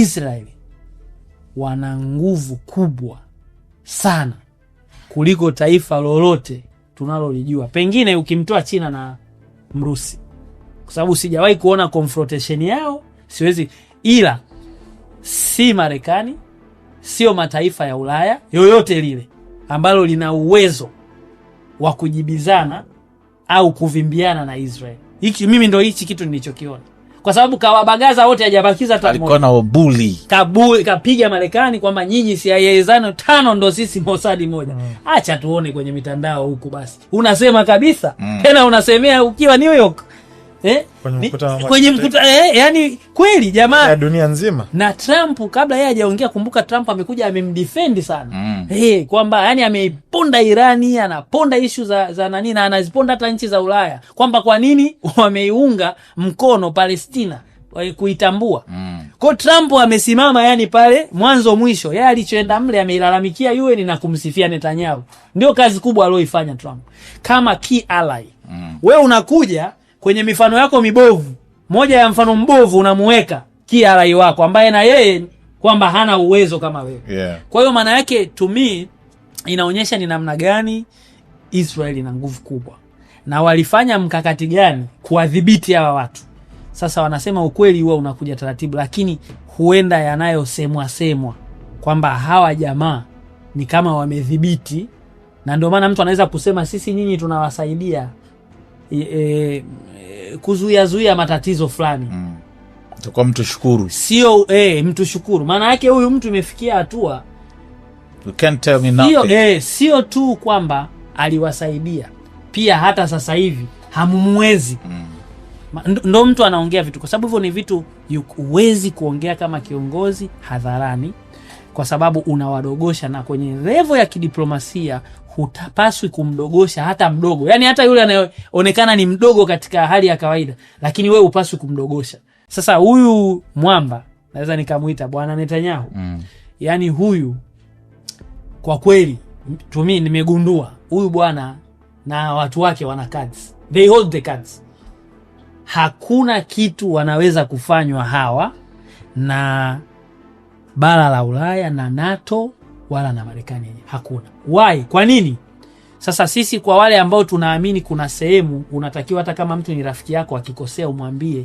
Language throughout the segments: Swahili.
Israeli wana nguvu kubwa sana kuliko taifa lolote tunalolijua, pengine ukimtoa China na Mrusi, kwa sababu sijawahi kuona confrontation yao, siwezi ila si Marekani, sio mataifa ya Ulaya yoyote lile ambalo lina uwezo wa kujibizana au kuvimbiana na Israeli. Hiki mimi ndo hichi kitu nilichokiona kwa sababu kawabagaza wote, hajabakiza hata mmoja. Alikuwa na kabuli, kapiga Marekani kwamba nyinyi siaezano tano ndo sisi mosadi moja. Mm. Acha tuone kwenye mitandao huku, basi unasema kabisa mm. tena unasemea ukiwa New York Eh? kwenye mkutano kwenye eh, yani kweli jamaa ya dunia nzima. Na Trump kabla yeye hajaongea, kumbuka Trump amekuja amemdefend sana mm. eh, kwamba yani ameiponda Irani, anaponda issue za za nani na anaziponda hata nchi za Ulaya kwamba kwa nini wameiunga mkono Palestina kuitambua mm. Kwa Trump amesimama yani pale mwanzo mwisho, yeye alichoenda mle ameilalamikia UN na kumsifia Netanyahu. Ndio kazi kubwa aliyoifanya Trump kama key ally mm. We unakuja kwenye mifano yako mibovu, moja ya mfano mbovu unamuweka kia rai wako ambaye na yeye kwamba hana uwezo kama wewe yeah. Kwa hiyo maana yake to me inaonyesha ni namna gani Israeli ina nguvu kubwa na walifanya mkakati gani kuwadhibiti hawa watu. Sasa wanasema ukweli huwa unakuja taratibu, lakini huenda yanayosemwa semwa kwamba hawa jamaa ni kama wamedhibiti, na ndio maana mtu anaweza kusema sisi nyinyi tunawasaidia e, kuzuiazuia matatizo fulani mm. mtu shukuru sio e, mtu shukuru, maana yake huyu mtu imefikia hatua sio e, sio tu kwamba aliwasaidia, pia hata sasa hivi hamumwezi mm. Ndo mtu anaongea vitu, kwa sababu hivyo ni vitu huwezi kuongea kama kiongozi hadharani kwa sababu unawadogosha, na kwenye revo ya kidiplomasia hutapaswi kumdogosha hata mdogo, yani hata yule anayeonekana ni mdogo katika hali ya kawaida, lakini wewe upaswi kumdogosha. Sasa huyu mwamba naweza nikamuita bwana Netanyahu mm. Yani huyu kwa kweli tumi nimegundua huyu bwana na watu wake wana cards, they hold the cards. Hakuna kitu wanaweza kufanywa hawa na bara la Ulaya na NATO wala na Marekani yenyewe hakuna. Why? Kwa nini? Sasa sisi kwa wale ambao tunaamini kuna sehemu unatakiwa, hata kama mtu ni rafiki yako akikosea, umwambie,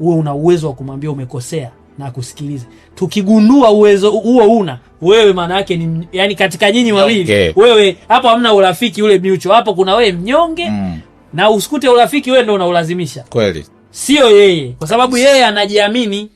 uwe una uwezo wa kumwambia umekosea na kusikiliza. Tukigundua uwezo huo una wewe, maana yake ni yani, katika nyinyi wawili okay. Wewe hapo hamna urafiki ule mutual, hapo kuna wewe mnyonge mm. na usikute urafiki wewe ndio unaulazimisha kweli, sio yeye, kwa sababu yeye anajiamini